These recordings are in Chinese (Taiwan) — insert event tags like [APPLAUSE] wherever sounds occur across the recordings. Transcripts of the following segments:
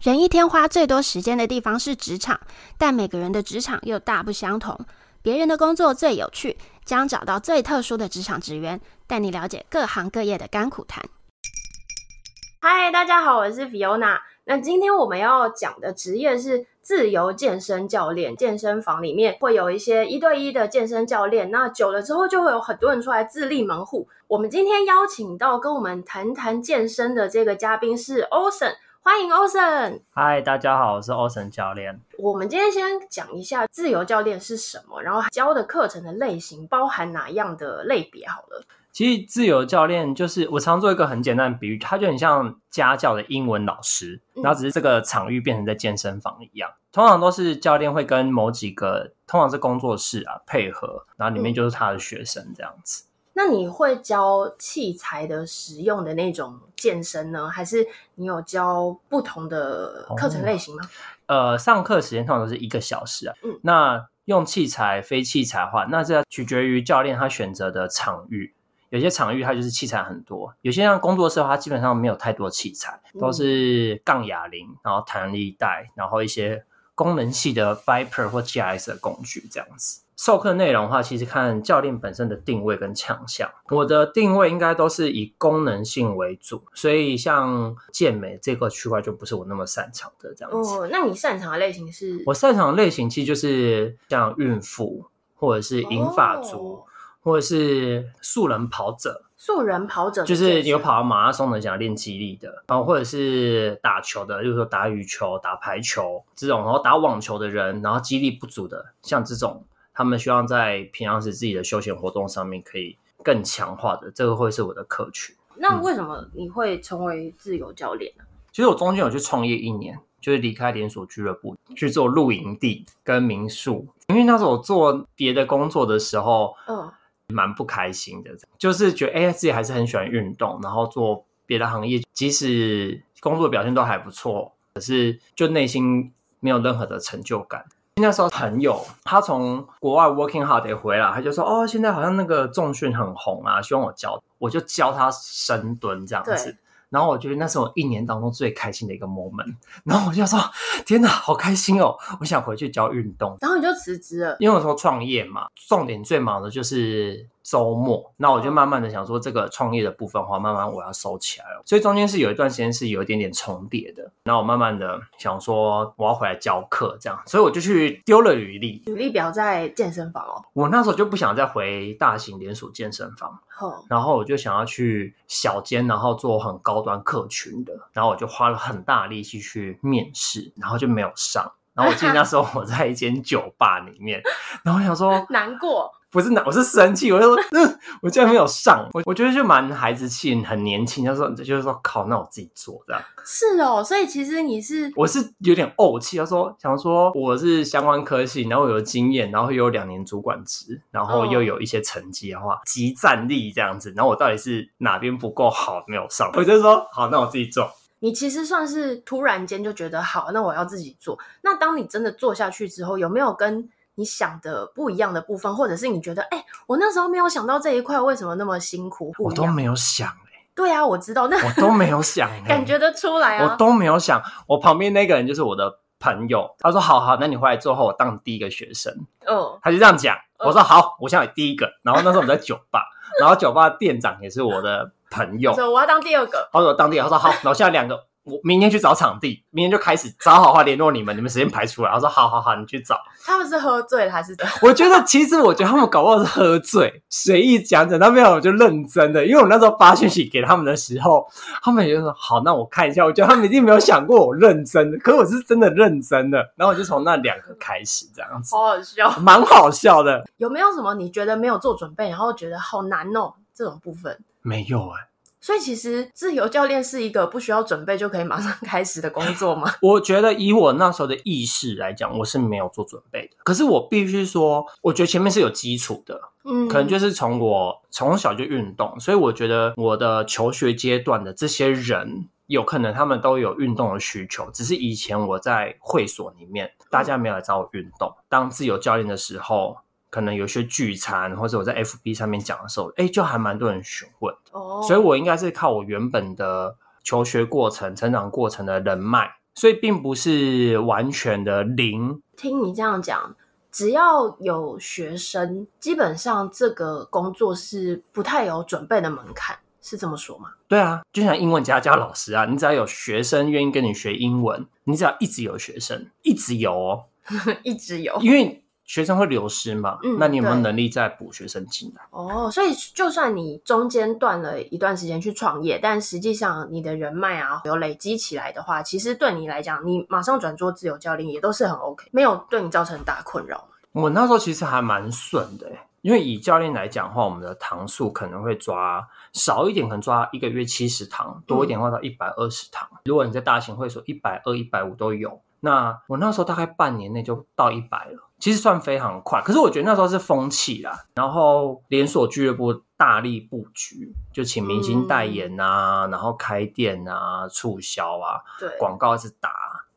人一天花最多時間的地方是職場，但每個人的職場又大不相同。別人的工作最有趣，將找到最特殊的職場職員，帶你了解各行各業的甘苦談。嗨，大家好，我是 Fiona。那今天我們要講的職業是自由健身教練。健身房裡面會有一些一對一的健身教練，那久了之後就會有很多人出來自立門戶。我們今天邀請到跟我們談談健身的這個嘉賓是 Orson。歡迎歐森。嗨，大家好，我是歐森教練。我們今天先講一下自由教練是什麼，然後教的課程的類型包含哪樣的類別。好了，其實自由教練就是我常常做一個很簡單的比喻，他就很像家教的英文老師，然後只是這個場域變成在健身房一樣。嗯。通常都是教練會跟某幾個，通常是工作室啊配合，然後裡面就是他的學生這樣子。那你會教器材的使用的那種健身呢，還是你有教不同的課程的類型嗎？哦？呃，上課時間通常都是一個小時啊。嗯、那用器材、非器材的話，那這要取決於教練他選擇的場域。有些場域它就是器材很多，有些像工作室，它基本上沒有太多器材，都是槓、啞鈴，然後彈力帶，然後一些功能系的 viper 或 GIS 的工具這樣子。授課內容的話，其實看教練本身的定位跟強項。我的定位應該都是以功能性為主，所以像健美這個區塊就不是我那麼擅長的這樣子。哦，那你擅長的類型是？我擅長的類型其實就是像孕婦，或者是銀髮族，哦，或者是素人跑者。素人跑者就是有跑馬拉松的，想要練肌力的，然後或者是打球的，就是說打羽球、打排球這種，然後打網球的人，然後肌力不足的，像這種。他們希望在平常時自己的休閒活動上面可以更強化的，這個會是我的客群。那為什麼你會成為自由教練呢、啊嗯？其實我中間有去創業一年，就是離開連鎖俱樂部去做露營地跟民宿。因為那時候我做別的工作的時候，嗯、哦，蠻不開心的，就是覺得哎、欸，自己還是很喜歡運動，然後做別的行業，即使工作表現都還不錯，可是就內心沒有任何的成就感。那時候朋友，他從國外 working holiday 回來，他就說：“哦，現在好像那個重訓很紅啊，希望我教。”我就教他深蹲這樣子。對然後我覺得那是我一年當中最開心的一個 moment。然後我就說：“天哪，好開心哦！我想回去教運動。”然後你就辭職了？因為我說創業嘛，重點最忙的就是周末，那我就慢慢的想說，這個創業的部分的話，慢慢我要收起來了。所以中間是有一段時間是有一點點重疊的。那我慢慢的想說，我要回來教課這樣，所以我就去丟了履歷，履歷表在健身房哦。我那時候就不想再回大型連鎖健身房，哦、然後我就想要去小間，然後做很高端客群的，然後我就花了很大力氣去面試，然後就沒有上。然後我記得那時候我在一間酒吧裡面， [LAUGHS] 然後想說難過。不是，我是生氣。我就說，嗯、呃，我竟然沒有上，我我覺得就蠻孩子氣，很年輕。他說，就是說，靠，那我自己做。這樣、啊、是哦，所以其實你是，我是有點慪氣。他說，想說我是相關科系，然後有經驗，然後又有兩年主管職，然後又有一些成績的話，即、哦、戰力這樣子。然後我到底是哪邊不夠好，沒有上？我就說，好，那我自己做。你其實算是突然間就覺得，好，那我要自己做。那當你真的做下去之後，有沒有跟？你想的不一樣的部分，或者是你覺得，哎、欸，我那時候沒有想到這一塊為什麼那麼辛苦，我，我都沒有想哎、欸。對啊，我知道那我都沒有想、欸， [LAUGHS] 感覺得出來、啊。我都沒有想，我旁邊那個人就是我的朋友，他說：“好好，那你回來之後我當第一個學生。”哦，他就這樣講。哦、我說：“好，我現在第一個。”然後那時候我們在酒吧， [LAUGHS] 然後酒吧的店長也是我的朋友，所以 [LAUGHS] 我要當第二個。”他說：“我當第二個。”他說：“好，然後現在兩個。” [LAUGHS] 我明天去找場地，明天就開始找好話聯絡你們，你們時間排出來。然後說，好好好，你去找。他們是喝醉了還是？我覺得其實，我覺得他們搞不好是喝醉，隨意講講，他沒有，我就認真的，因為我那時候發訊息給他們的時候，他們也就說好，那我看一下。我覺得他們一定沒有想過我認真的，可我是真的認真的。然後我就從那兩個開始，這樣子，嗯，好好笑，蠻好笑的。有沒有什麼你覺得沒有做準備，然後覺得好難哦，這種部分？沒有哎。所以其實自由教練是一個不需要準備就可以馬上開始的工作嗎？ [LAUGHS] 我覺得以我那時候的意識來講，我是沒有做準備的。可是我必須說，我覺得前面是有基礎的，嗯，可能就是從我從小就運動，所以我覺得我的求學階段的這些人，有可能他們都有運動的需求，只是以前我在會所裡面，大家沒有來找我運動。嗯，當自由教練的時候。可能有些聚餐，或者我在 FB 上面講的時候，哎，就還蠻多人詢問。哦，oh. 所以我應該是靠我原本的求學過程、成長過程的人脈，所以並不是完全的零。聽你這樣講，只要有學生，基本上這個工作是不太有準備的門檻，是這麼說嗎？對啊，就像英文家教老師啊，你只要有學生願意跟你學英文，你只要一直有學生，一直有哦， [LAUGHS] 一直有，因為。學生會流失嘛，嗯，那你有沒有能力再補學生進來？哦，oh, 所以就算你中間斷了一段時間去創業，但實際上你的人脈啊有累積起來的話，其實對你來講，你馬上轉做自由教練也都是很 OK，沒有對你造成很大困擾。我那時候其實還蠻順的，欸，因為以教練來講的話，我們的堂數可能會抓少一點，可能抓一個月七十堂，多一點的話到一百二十堂。嗯，如果你在大型會所，一百二、一百五都有。那我那時候大概半年內就到一百了。其實算非常快，可是我覺得那時候是風氣啦。然後連鎖俱樂部大力布局，就請明星代言啊，嗯、然後開店啊，促銷啊，對，廣告一直打。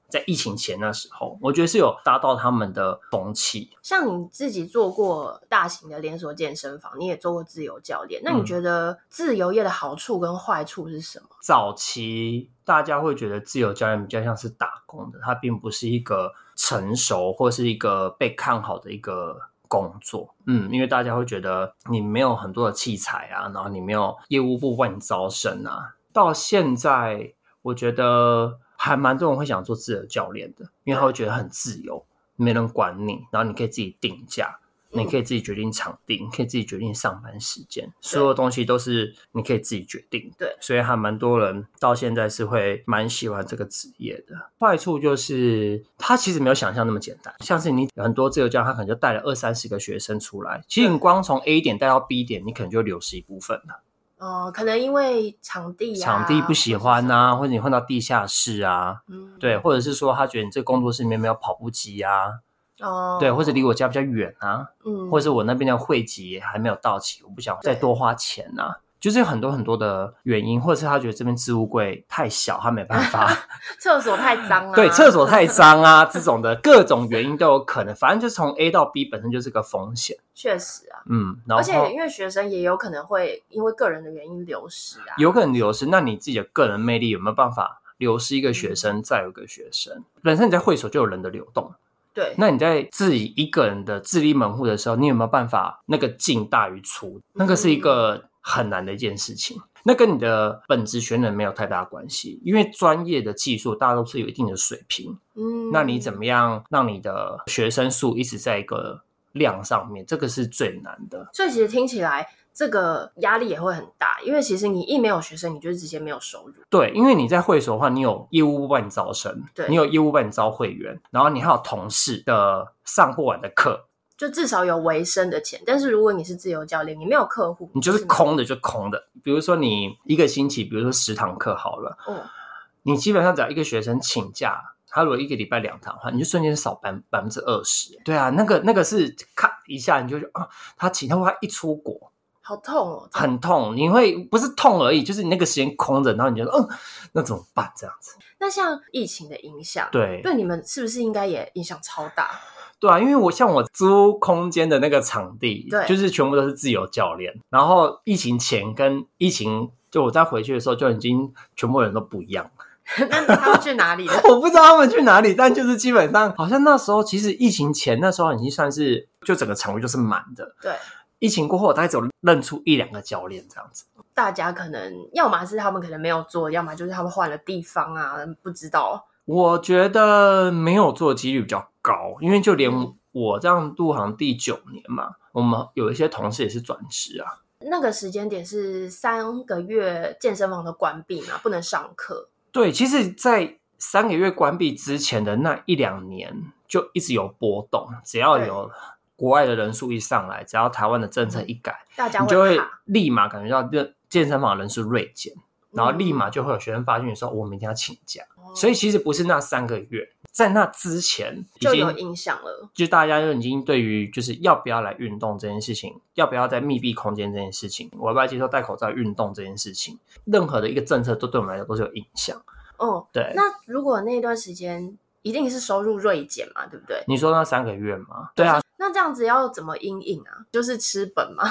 在疫情前那時候，我覺得是有達到他們的風氣。像你自己做過大型的連鎖健身房，你也做過自由教練，那你覺得自由業的好處跟壞處是什麼？嗯、早期大家會覺得自由教練比較像是打工的，它並不是一個。成熟，或是一個被看好的一個工作，嗯，因為大家會覺得你沒有很多的器材啊，然後你沒有業務部幫你招生啊。到現在，我覺得還蠻多人會想做自由教練的，因為他會覺得很自由，沒人管你，然後你可以自己定價。你可以自己決定場地，嗯、你可以自己決定上班時間，對所有的東西都是你可以自己決定。對，所以還蠻多人到現在是會蠻喜歡這個職業的。壞處就是他其實沒有想象那麼簡單，像是你有很多自由教，他可能就帶了二三十個學生出來，對其實你光從 A 點帶到 B 點，你可能就流失一部分了。哦、呃，可能因為場地、啊，場地不喜歡啊，或者，或者你換到地下室啊，嗯，對，或者是說他覺得你這個工作室裡面沒有跑步機啊。哦，oh, 對，或者離我家比較遠啊，嗯，或者是我那邊的會籍還沒有到期，我不想再多花錢啊，對就是有很多很多的原因，或者是他覺得這邊置物櫃太小，他沒辦法， [LAUGHS] 廁所太髒了、啊，對，廁所太髒啊， [LAUGHS] 這種的各種原因都有可能，反正就從 A 到 B 本身就是個風險，確實啊，嗯，然後而且因為學生也有可能會因為個人的原因流失啊，有可能流失，那你自己的個人魅力有沒有辦法流失一個學生、嗯、再有一個學生，本身你在會所就有人的流動。對，那你在自己一個人的自立門戶的時候，你有沒有辦法那個進大於出？那個是一個很難的一件事情。那跟你的本職學能沒有太大關係，因為專業的技術大家都是有一定的水平。嗯，那你怎麼樣讓你的學生數一直在一個量上面？這個是最難的。所以其實聽起來。這個壓力也會很大，因為其實你一沒有學生，你就直接沒有收入。對，因為你在會所的話，你有業務幫你招生，對你有業務幫你招會員，然後你還有同事的上不完的課，就至少有維生的錢。但是如果你是自由教練，你沒有客戶，你就是空的，就空的。是嗎？比如說你一個星期，比如說十堂課好了，哦、嗯。你基本上只要一個學生請假，他如果一個禮拜兩堂的話，你就瞬間少百百分之二十。對啊，那個那個是咔一下你就啊、哦，他請他他一出國。好痛哦！痛。很痛，你會不是痛而已，就是你那個時間空着，然後你覺得，嗯，那怎麼辦？這樣子。那像疫情的影響，對，對你們是不是應該也影響超大？對啊，因為我像我租空間的那個場地，對，就是全部都是自由教練。然後疫情前跟疫情，就我在回去的時候，就已經全部人都不一樣。 [LAUGHS] 那他們去哪裡了？ [LAUGHS] 我不知道他們去哪裡，但就是基本上，好像那時候其實疫情前那時候已經算是就整個場位就是滿的。對。疫情過後，我大概只有認出一兩個教練這樣子。大家可能要麼是他們可能沒有做，要麼就是他們換了地方啊，不知道。我覺得沒有做的幾率比較高，因為就連我這樣入行第九年嘛，我們有一些同事也是轉職啊。那個時間點是三個月健身房的關閉嘛，不能上課。對，其實，在三個月關閉之前的那一兩年，就一直有波動，只要有。國外的人數一上來，只要台灣的政策一改，嗯、大家你就會立馬感覺到健健身房的人數銳減，嗯、然後立馬就會有學生發現說：“我明天要請假。”嗯，所以其實不是那三個月，在那之前已經就有影響了。就大家就已經對於就是要不要來運動這件事情，要不要在密閉空間這件事情，要不要接受戴口罩運動這件事情，任何的一個政策都對我們來說都是有影響。哦，對。那如果那段時間？一定是收入銳減嘛，對不對？你說那三個月嘛，對啊，就是、那這樣子要怎麼因應對啊？就是吃本嘛。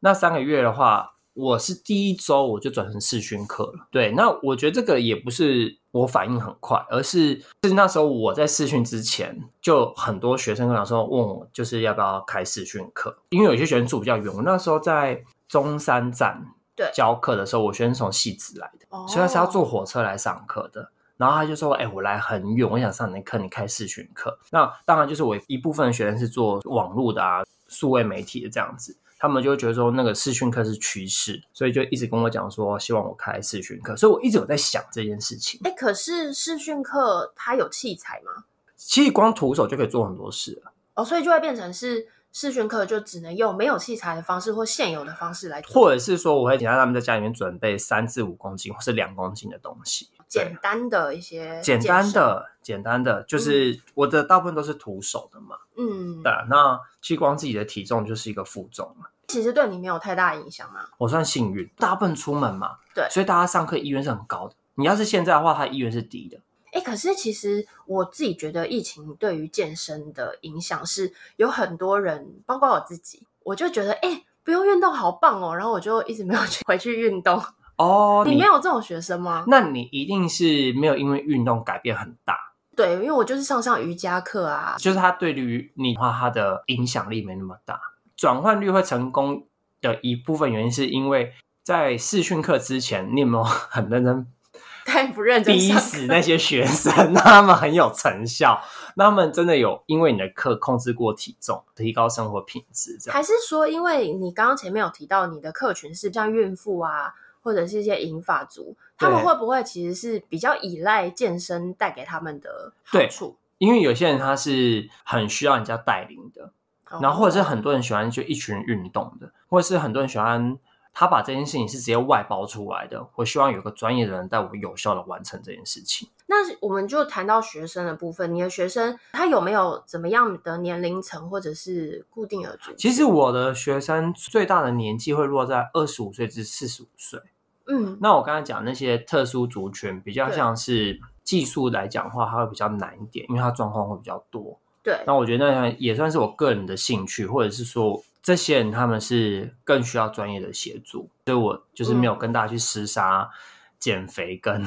那三個月的話，我是第一周我就轉成視訊課了。對，那我覺得這個也不是我反應很快，而是是那時候我在視訊之前，就很多學生跟老師問我，就是要不要開視訊課？因為有些學生住比較遠，我那時候在中山站對教課的時候，對我學生從汐止來的，oh. 所以他是要坐火車來上課的。然後他就說：“哎、欸，我來很遠，我想上你的課，你開視訊課。那當然，就是我一部分的學生是做網絡的啊，數位媒體的這樣子，他們就會覺得說那個視訊課是趨勢，所以就一直跟我講說希望我開視訊課。所以我一直有在想這件事情。哎、欸，可是視訊課它有器材嗎？其實光徒手就可以做很多事了哦，所以就會變成是視訊課就只能用沒有器材的方式或現有的方式來做，或者是說我會請到他們在家裡面準備三至五公斤或是兩公斤的東西。”簡單的一些，簡單的，簡單的就是我的大部分都是徒手的嘛，嗯，對。那激光自己的體重就是一個負重嘛，其實對你沒有太大影響啊。我算幸運，大部分出門嘛，對，所以大家上課意願是很高的。你要是現在的話，他意願是低的。哎、欸，可是其實我自己覺得疫情對於健身的影響是有很多人，包括我自己，我就覺得哎、欸，不用運動好棒哦，然後我就一直沒有去回去運動。哦，oh, 你沒有這種學生嗎？那你一定是沒有因為運動改變很大。對，因為我就是上上瑜伽課啊。就是他對於你的話，他的影響力沒那麼大。轉換率會成功的一部分原因，是因為在試訓課之前，你有沒有很認真？太不認真，逼死那些學生， [LAUGHS] 他們很有成效，他們真的有因為你的課控制過體重，提高生活品質這樣。還是說，因為你剛剛前面有提到，你的客群是像孕婦啊？或者是一些銀髮族，他們會不會其實是比較依賴健身帶給他們的好處？對，因為有些人他是很需要人家帶領的，哦，然後或者是很多人喜歡就一群人運動的，或者是很多人喜歡他把這件事情是直接外包出來的，我希望有個專業的人帶我有效的完成這件事情。那我們就談到學生的部分，你的學生他有沒有怎麼樣的年齡層或者是固定而做？其實我的學生最大的年紀會落在二十五歲至四十五歲。嗯，那我剛才講的那些特殊族群，比較像是技術來講的話，它會比較難一點，對因為它狀況會比較多。對，那我覺得那也算是我個人的興趣，或者是說這些人他們是更需要專業的協助，所以我就是沒有跟大家去廝殺減肥跟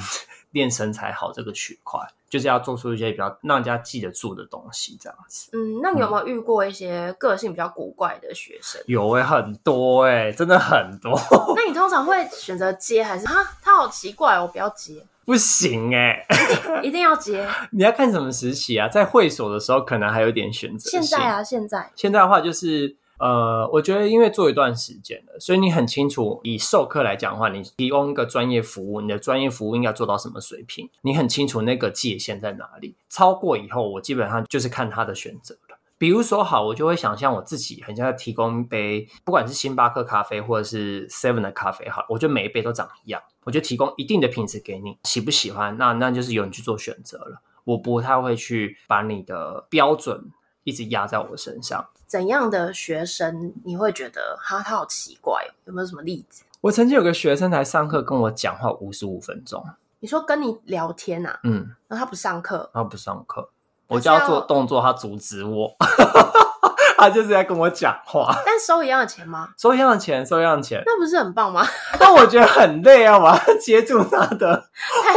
練身材好這個區塊。嗯就是要做出一些比較讓人家記得住的東西，這樣子。嗯，那你有沒有遇過一些個性比較古怪的學生？嗯、有哎、欸，很多哎、欸，真的很多。那你通常會選擇接還是哈？他好奇怪、哦，我不要接，不行哎、欸， [LAUGHS] 一定要接。你要看什麼時期啊？在會所的時候可能還有點選擇。現在啊，現在現在的話就是。呃，我覺得因為做一段時間了，所以你很清楚。以授課來講的話，你提供一個專業服務，你的專業服務應該要做到什麼水平，你很清楚那個界限，在哪裡？超過以後，我基本上就是看他的選擇了。比如說好，我就會想象我自己，很想要提供一杯，不管是星巴克咖啡或者是 Seven 的咖啡，好，我就每一杯都長一樣，我就提供一定的品質給你，喜不喜歡？那那就是由你去做選擇了。我不太會去把你的標準一直壓在我身上。怎樣的學生你會覺得哈，他好奇怪？哦？有沒有什麼例子？我曾經有個學生來上課跟我講話五十五分鐘。你說跟你聊天吶？啊？嗯。然後他不上課。他不上課，我就要做動作，他阻止我。 [LAUGHS] 他就是在跟我講話。但收一樣的錢嗎？收一樣的錢。收一樣的錢，那不是很棒嗎？ [LAUGHS] 但我覺得很累啊，我要接住他的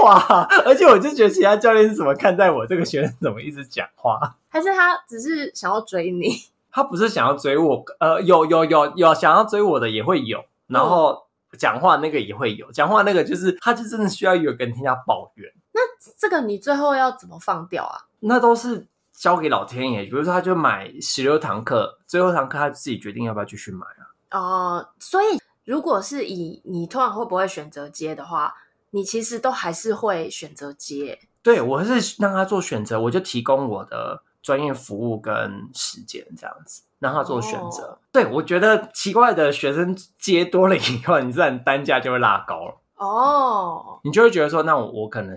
話。 [LAUGHS] 而且，我就覺得其他教練是怎麼看待我這個學生怎麼一直講話？還是他只是想要追你？他不是想要追我，呃，有有有有想要追我的也會有，然後講話那個也會有，講話那個就是他就真的需要有跟人家抱怨。那這個你最後要怎麼放掉啊？那都是交給老天爺。比如說，他就買十六堂課，最後堂課他自己決定要不要繼續買啊。哦、呃，所以如果是以你突然會不會選擇接的話，你其實都還是會選擇接。對，我是讓他做選擇，我就提供我的。專業服務跟時間這樣子，讓他做選擇。Oh. 對，我覺得奇怪的學生接多了以後，你自然單價就會拉高了。哦，oh. 你就會覺得說，那我我可能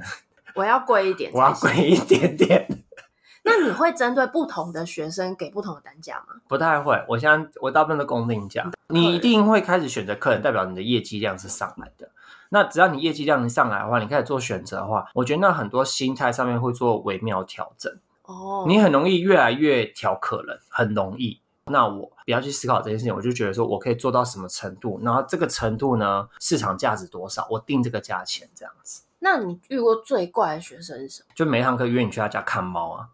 我要貴一點，我要貴一點點。 [LAUGHS] 那你會針對不同的學生給不同的單價嗎？ [LAUGHS] 不太會，我現在我大部分都公定價。你，你一定會開始選擇客人，代表你的業績量是上來的。那只要你業績量能上來的話，你開始做選擇的話，我覺得那很多心態上面會做微妙調整。哦，oh. 你很容易越來越挑客人，很容易。那我你要去思考這件事情，我就覺得說，我可以做到什麼程度，然後這個程度呢，市場價值多少，我定這個價錢這樣子。那你遇過最怪的學生是什麼？就每一堂課約你去他家看貓啊？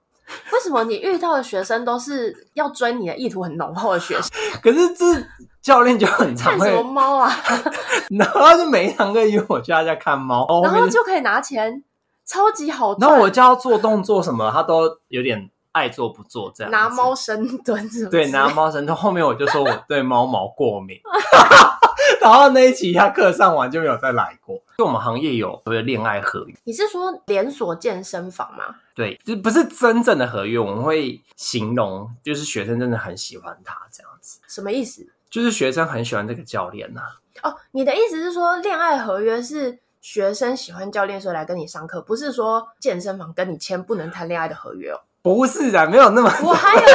為什麼你遇到的學生都是要追你的意圖很濃厚的學生？ [LAUGHS] 可是這教練就很常看什麼貓啊？ [LAUGHS] 然後就每一堂課約我去他家看貓，然後就可以拿錢。超級好，然後我叫他做動作什麼，他都有點愛做不做這樣子。拿貓深蹲，對，拿貓深蹲。後面我就說我對貓毛過敏， [LAUGHS] [LAUGHS] 然後那一期他課上完就沒有再來過。就我們行業有特別戀愛合約，你是說連鎖健身房嗎？對，就不是真正的合約，我們會形容就是學生真的很喜歡他這樣子。什麼意思？就是學生很喜歡這個教練吶、啊。哦，你的意思是說戀愛合約是？學生喜歡教練，說來跟你上課，不是說健身房跟你簽不能談戀愛的合約哦、喔。不是啊，沒有那麼。我還有的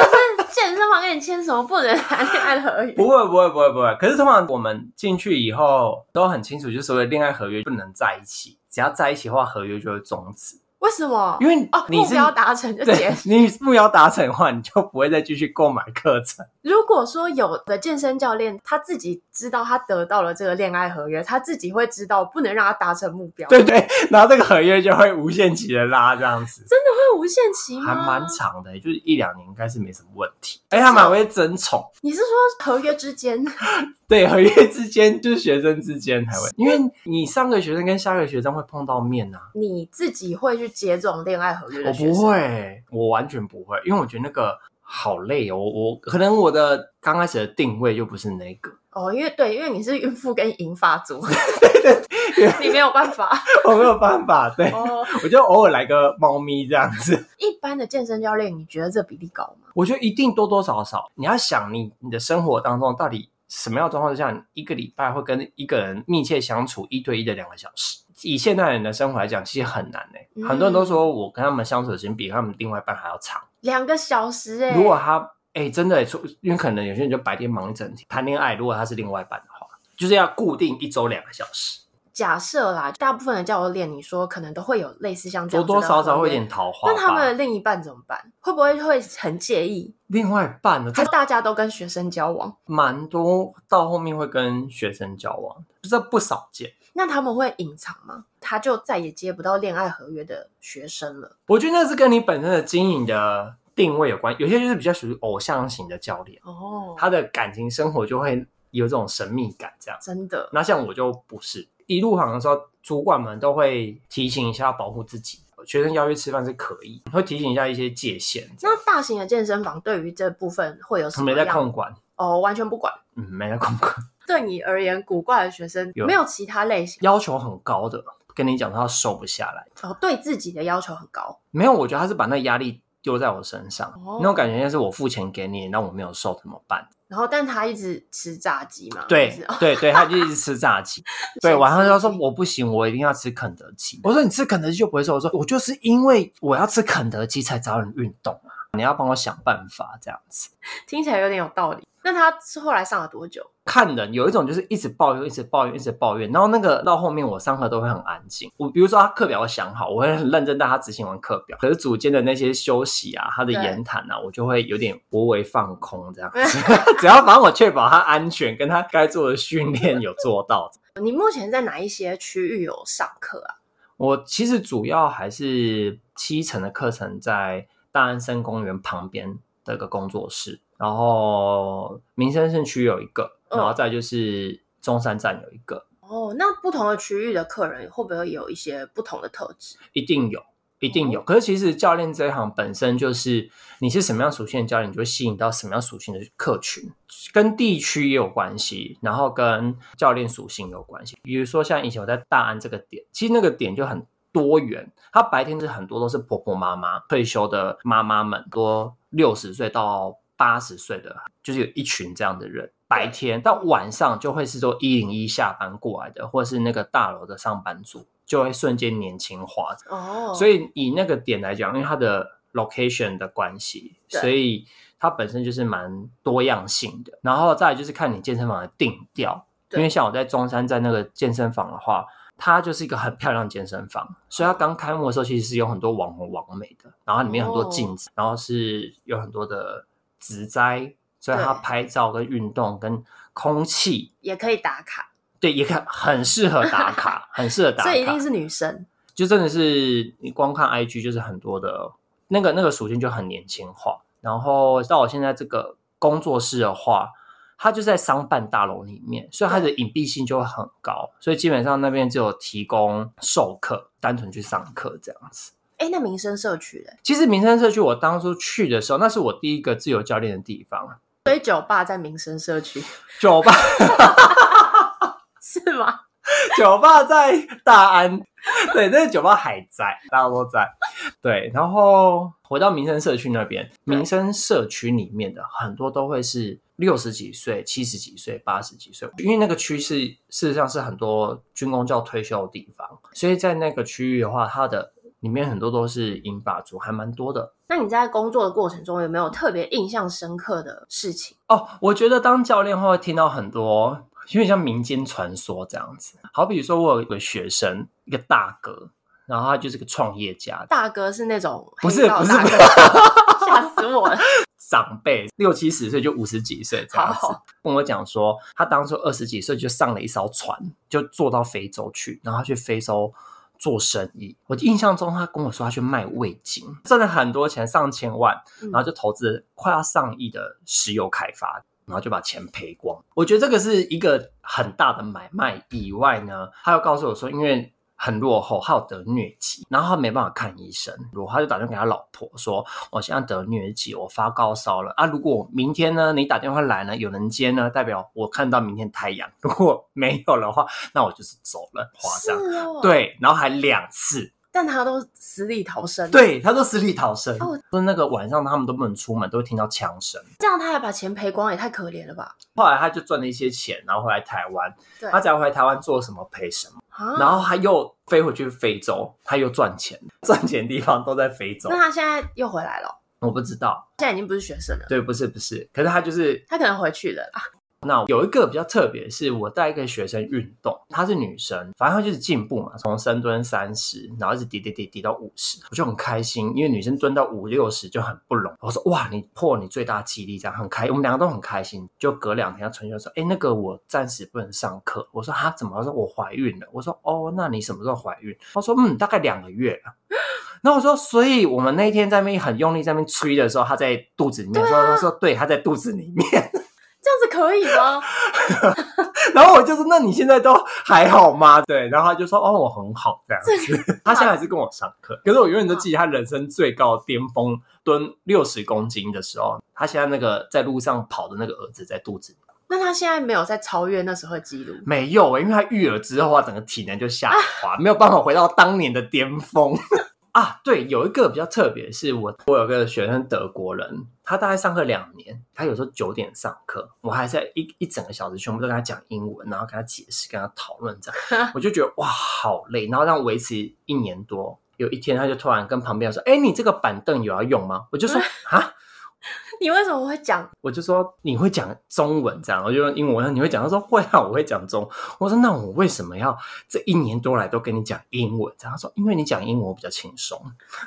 是健身房跟你簽什麼不能談戀愛的合約？ [LAUGHS] 不會不會不會不會。可是通常我們進去以後都很清楚，就是所謂戀愛合約不能在一起，只要在一起的話，合約就會終止。為什麼？因為哦，你是目標達成就結束，你目標達成的話，你就不會再繼續購買課程。如果說有的健身教練他自己知道他得到了這個戀愛合約，他自己會知道不能讓他達成目標，對，對對，然後這個合約就會無限期的拉這樣子， [LAUGHS] 真的會。無限期還蠻長的，就是一兩年，應該是沒什麼問題。哎、就是，他蠻會爭寵？你是說合約之間？ [LAUGHS] 對，合約之間就是學生之間還會，是因為你上個學生跟下個學生會碰到面啊，你自己會去接這種戀愛合約？我不會，我完全不會，因為我覺得那個好累、哦。我我可能我的剛開始的定位就不是那個。哦，因為對，因為你是孕婦跟銀髮族，對，對對， [LAUGHS] 你沒有辦法， [LAUGHS] 我沒有辦法，對，oh, 我就偶爾來個貓咪這樣子。一般的健身教練，你覺得這比例高嗎？我覺得一定多多少少。你要想你你的生活當中到底什麼樣的狀況之下，一個禮拜會跟一個人密切相處一對一的兩個小時，以現代人的生活來講，其實很難誒、欸。嗯、很多人都說我跟他們相處的時間比他們另外一半還要長兩個小時誒、欸。如果他。哎，真的，因為可能有些人就白天忙一整天談戀愛。如果他是另外一半的話，就是要固定一周兩個小時假設啦，大部分的教練，你說可能都會有類似像這種，多多少少會有點桃花。那他們的另一半怎麼辦？會不會會很介意另外一半呢？他大家都跟學生交往，蠻多到後面會跟學生交往，就這不少見。那他們會隱藏嗎？他就再也接不到戀愛合約的學生了。我覺得那是跟你本身的經營的。定位有關，有些就是比較屬於偶像型的教練哦，oh. 他的感情生活就會有這種神秘感，這樣真的。那像我就不是，一入行的時候，主管們都會提醒一下，保護自己。學生邀約吃飯是可以，會提醒一下一些界限。那大型的健身房對於這部分會有什麼？沒在控管哦，oh, 完全不管。嗯，沒在控管。對你而言，古怪的學生有沒有其他類型？要求很高的，跟你講他瘦不下來哦，oh, 對自己的要求很高。沒有，我覺得他是把那壓力。丟在我身上，那種感覺應該是我付錢給你，那我沒有瘦怎麼辦？然後、哦，但他一直吃炸雞嘛，對對對，他就一直吃炸雞， [LAUGHS] 對，晚上就說我不行，我一定要吃肯德基。我說你吃肯德基就不會瘦，我說我就是因為我要吃肯德基才找人運動啊，你要幫我想辦法，這樣子聽起來有點有道理。那他是後來上了多久？看人有一種就是一直抱怨，一直抱怨，一直抱怨。然後那個到後面我上課都會很安靜。我比如說他課表我想好，我會很認真帶他執行完課表。可是組間的那些休息啊，他的言談啊，對我就會有點無為放空這樣子。 [LAUGHS] 只要把我確保他安全，跟他該做的訓練有做到。 [LAUGHS] 你目前在哪一些區域有上課啊？我其實主要還是七成的課程在大安森林公園旁邊的一個工作室。然後民生社區有一個，嗯、然後再就是中山站有一個。哦，那不同的區域的客人會不會有一些不同的特質？一定有，一定有。哦、可是其實教練這一行本身就是你是什麼樣屬性的教練，你就會吸引到什麼樣屬性的客群，跟地區也有關係，然後跟教練屬性有關係。比如說像以前我在大安這個點，其實那個點就很多元，他白天是很多都是婆婆媽媽、退休的媽媽們，多六十歲到。八十歲的就是有一群這樣的人，白天到晚上就會是說一零一下班過來的，或是那個大樓的上班族就會瞬間年輕化。哦，oh. 所以以那個點來講，因為它的 location 的關係，oh. 所以它本身就是蠻多樣性的。對然後再來就是看你健身房的定調，對因為像我在中山在那個健身房的話，它就是一個很漂亮的健身房，所以它剛開幕的時候其實是有很多網紅網美的，然後裡面有很多鏡子，oh. 然後是有很多的。植栽，所以他拍照跟運動跟空氣對對也可以打卡，對，也可以很適合打卡，很適合打卡，這 [LAUGHS] [LAUGHS] 一定是女生，就真的是你光看 IG 就是很多的那個那個屬性就很年輕化。然後到我現在這個工作室的話，它就在商辦大樓裡面，所以它的隱蔽性就很高，對所以基本上那邊只有提供授課，單純去上課這樣子。哎，那民生社區嘞？其實民生社區，我當初去的時候，那是我第一個自由教練的地方。所以酒吧在民生社區？酒吧 [LAUGHS] [LAUGHS] 是嗎？ [LAUGHS] 酒吧在大安，對，那個酒吧還在， [LAUGHS] 大家都在。對，然後回到民生社區那邊，民生 [LAUGHS] 社區裡面的很多都會是六十幾歲、七十幾歲、八十幾歲，因為那個區是事實上是很多軍公教退休的地方，所以在那個區域的話，它的。裡面很多都是銀髮族，還蠻多的。那你在工作的過程中有沒有特別印象深刻的事情？哦，我覺得當教練會聽到很多，因為像民間傳說這樣子。好，比如說我有一個學生，一個大哥，然後他就是個創業家。大哥是那種不是哥不是嚇哥 [LAUGHS] [LAUGHS] 死我了！ [LAUGHS] 長輩六七十歲就五十幾歲，這樣子，跟我講說他當初二十幾歲就上了一艘船，就坐到非洲去，然後他去非洲做生意，我印象中他跟我說，他去賣味精，賺了很多錢，上千萬，然後就投資快要上億的石油開發，然後就把錢賠光。我覺得這個是一個很大的買賣。以外呢，他又告訴我說，因為。很落後，還有得瘧疾，然後他沒辦法看醫生，然後他就打電話給他老婆說：“我、哦、現在得瘧疾，我發高燒了啊！如果明天呢，你打電話來呢，有人接呢，代表我看到明天太陽；如果沒有的話，那我就是走了，誇張、哦、對。然後還兩次，但他都死裡逃生，對他都死裡逃生。我說那個晚上他們都不能出門，都會聽到槍聲。這樣他還把錢賠光，也太可憐了吧？後來他就賺了一些錢，然後回來台灣，他對只要回來台灣做什麼賠什麼。然後他又飛回去非洲，他又賺錢，賺錢的地方都在非洲。那他現在又回來了？我不知道，現在已經不是學生了。對，不是不是，可是他就是，他可能回去了啦。那有一個比較特別，是我帶一個學生運動，她是女生，反正她就是進步嘛，從深蹲三十，然後一直疊疊疊疊到五十，我就很開心，因為女生蹲到五六十就很不容，我說哇，你破你最大肌力這樣，很開心，我們兩個都很開心。就隔兩天要春粹說，哎，那個我暫時不能上課。我說哈，她怎麼我說我懷孕了？我說哦，那你什麼時候懷孕？她說嗯，大概兩個月啊。然後我說，所以我們那天在那邊很用力在那邊吹的時候，她在肚子裡面，我說，她說對，她在肚子裡面。這樣子可以嗎？ [LAUGHS] [LAUGHS] 然後我就說：“那你現在都還好嗎？”對，然後他就說：“哦，我很好。”這樣子，他現在還是跟我上課。可是我永遠都記得他人生最高巔峰蹲六十公斤的時候，他現在那個在路上跑的那個兒子在肚子裡。裡。那他現在沒有在超越那時候的記錄？沒有，因為他育兒之後啊，整個體能就下滑，沒有辦法回到當年的巔峰。 [LAUGHS] 啊，對，有一個比較特別，是我我有一個學生德國人，他大概上課兩年，他有時候九點上課，我還是一一整個小時全部都跟他講英文，然後跟他解釋，跟他討論這樣，我就覺得哇，好累，然後讓維持一年多，有一天他就突然跟旁邊說，哎、欸，你這個板凳有要用嗎？我就說啊。你為什麼會講？我就說你會講中文，這樣我就用英文，你會講？他說會啊，我會講中文。我說那我為什麼要這一年多來都跟你講英文？這樣他說，因為你講英文我比較輕鬆。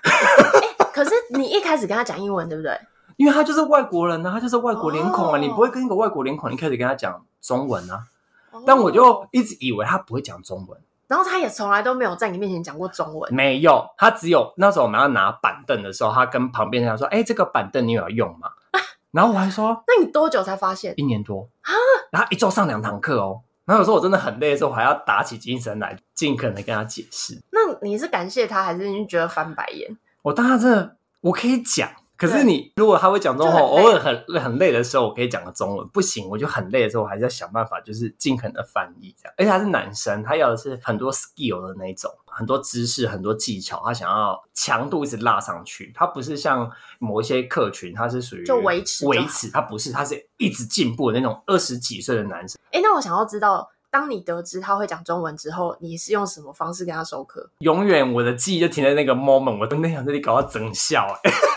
哎 [LAUGHS] 欸，可是你一開始跟他講英文，對不對？因為他就是外國人呢、啊，他就是外國臉孔啊，oh. 你不會跟一個外國臉孔一開始跟他講中文啊？Oh. 但我就一直以為他不會講中文。然後他也從來都沒有在你面前講過中文。沒有，他只有那時候我們要拿板凳的時候，他跟旁邊人說：“哎，這個板凳你有要用嗎？”啊、然後我還說：“那你多久才發現？”一年多啊！然後一周上兩堂課哦。然後有時候我真的很累的時候，我還要打起精神來，盡可能跟他解釋。那你是感謝他，還是你覺得翻白眼？我當然真的，我可以講。可是你如果他會講中文，偶爾很很累的時候，我可以講個中文。不行，我就很累的時候，我還是要想辦法，就是盡可能的翻譯，這樣。而且他是男生，他要的是很多 skill 的那種，很多知識，很多技巧，他想要強度一直拉上去。他不是像某一些客群，他是屬於就維持維持，持他不是，他是一直進步的那種二十幾歲的男生。哎、欸，那我想要知道，當你得知他會講中文之後，你是用什麼方式跟他收課？永遠我的記憶就停在那個 moment，我都沒想到這裡搞到整笑、欸，哎。 [LAUGHS]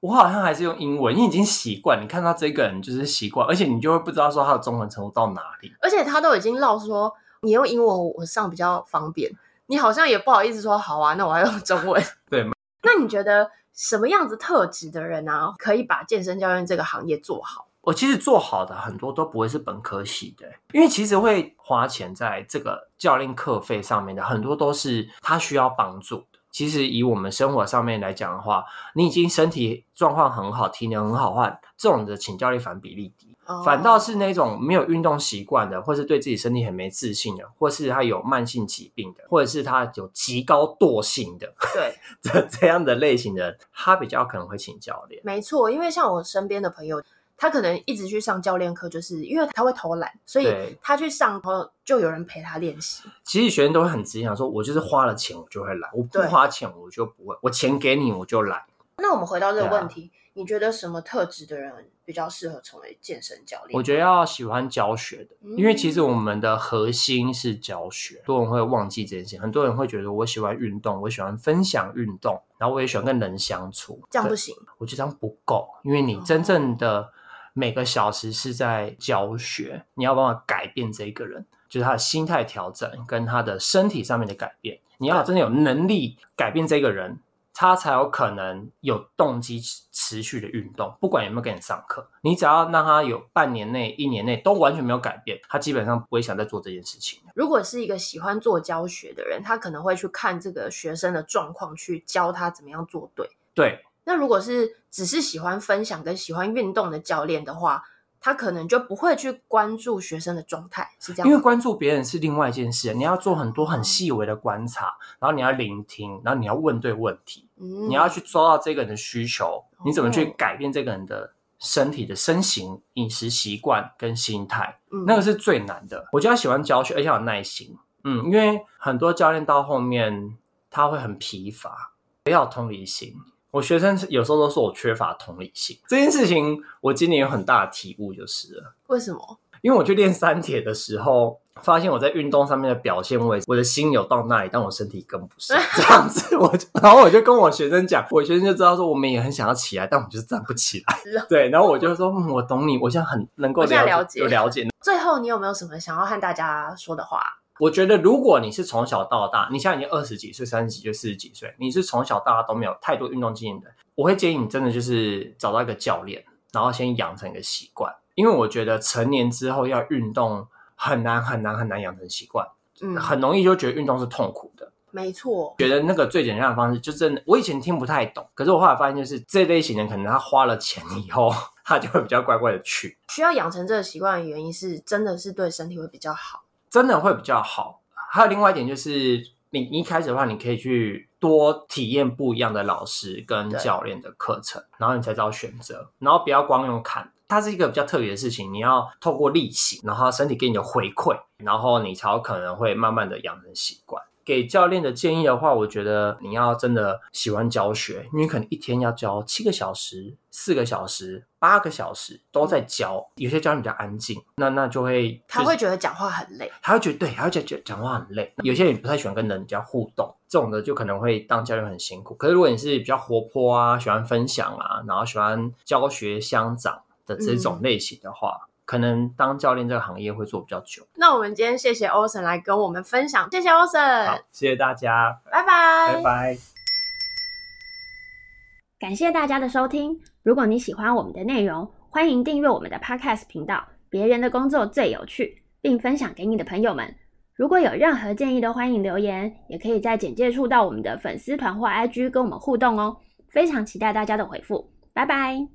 我好像還是用英文，你已經習慣，你看到這個人就是習慣，而且你就會不知道說他的中文程度到哪裡。而且他都已經繞說，你用英文我上比較方便，你好像也不好意思說好啊，那我還用中文。 [LAUGHS] 對嗎，那你覺得什麼樣子特質的人啊，可以把健身教練這個行業做好？我其實做好的很多都不會是本科系的，因為其實會花錢在這個教練課費上面的很多都是他需要幫助。其實以我們生活上面來講的話，你已經身體狀況很好，體能很好換，換這種的請教練反比例低，oh. 反倒是那種沒有運動習慣的，或是對自己身體很沒自信的，或是他有慢性疾病的，或者是他有極高惰性的，對 [LAUGHS] 這樣的類型的，他比較可能會請教練。沒錯，因為像我身邊的朋友，他可能一直去上教練課，就是因為他會偷懶，所以他去上，對就有人陪他練習。其實學生都會很直接想說：“我就是花了錢，我就會來；我不花錢，我就不會。對我錢給你，我就來。”那我們回到這個問題，啊、你覺得什麼特質的人比較適合成為健身教練？我覺得要喜歡教學的，因為其實我們的核心是教學。嗯、多人會忘記這件事情，很多人會覺得我喜歡運動，我喜歡分享運動，然後我也喜歡跟人相處，這樣不行。我覺得這樣不夠，因為你真正的、哦。每個小時是在教學，你要幫他改變這一個人，就是他的心態調整跟他的身體上面的改變。你要真的有能力改變這個人，對他才有可能有動機持續的運動。不管有沒有給你上課，你只要讓他有半年內、一年內都完全沒有改變，他基本上不會想再做這件事情。如果是一個喜歡做教學的人，他可能會去看這個學生的狀況，去教他怎麼樣做對。對。那如果是只是喜歡分享跟喜歡運動的教練的話，他可能就不會去關注學生的狀態，是這樣嗎？因為關注別人是另外一件事，你要做很多很細微的觀察，嗯、然後你要聆聽，然後你要問對問題，嗯、你要去抓到這個人的需求，嗯、你怎麼去改變這個人的身體的身形、飲食習慣跟心態，嗯、那個是最難的。我就要喜歡教學，而且有耐心。嗯，因為很多教練到後面他會很疲乏，不要有同理心。我學生有時候都說我缺乏同理心，這件事情我今年有很大的體悟，就是了。為什麼？因為我去練三鐵的時候，發現我在運動上面的表現為，我的心有到那裡，但我身體跟不上。 [LAUGHS] 這樣子我就，我然後我就跟我學生講，我學生就知道說，我們也很想要起來，但我們就是站不起來。是啊、對，然後我就說、嗯，我懂你，我現在很能夠了解，我了解了。了解那個、最後，你有沒有什麼想要和大家說的話？我覺得，如果你是從小到大，你現在已經二十幾歲、三十幾、就四十幾歲，你是從小到大都沒有太多運動經驗的，我會建議你真的就是找到一個教練，然後先養成一個習慣，因為我覺得成年之後要運動很難、很難、很難養成習慣，嗯，很容易就覺得運動是痛苦的。沒錯，覺得那個最簡單的方式，就真的我以前聽不太懂，可是我後來發現，就是這類型的可能他花了錢以後，他就會比較乖乖的去。需要養成這個習慣的原因是，真的是對身體會比較好。真的會比較好。還有另外一點就是你，你一開始的話，你可以去多體驗不一樣的老師跟教練的課程，對然後你才知道選擇，然後不要光用看。它是一個比較特別的事情，你要透過練習，然後身體給你的回饋，然後你才有可能會慢慢的養成習慣。給教練的建議的話，我覺得你要真的喜歡教學，因為可能一天要教七個小時、四個小時、八個小時都在教。嗯、有些教練比較安靜，那那就會就他會覺得講話很累，他會覺得對，他會覺得講話很累。有些人不太喜歡跟人家互動，這種的就可能會當教練很辛苦。可是如果你是比較活潑啊，喜歡分享啊，然後喜歡教學相長的這種類型的話。嗯可能當教練這個行業會做比較久。那我們今天謝謝 Orson 來跟我們分享。謝謝 Orson，好，謝謝大家，拜拜 bye，拜拜 bye。感謝大家的收聽。如果你喜歡我們的內容，歡迎訂閱我們的 Podcast 頻道。別人的工作最有趣，並分享給你的朋友們。如果有任何建議，都歡迎留言，也可以在簡介處到我們的粉絲團或 IG 跟我們互動哦。非常期待大家的回覆，拜拜。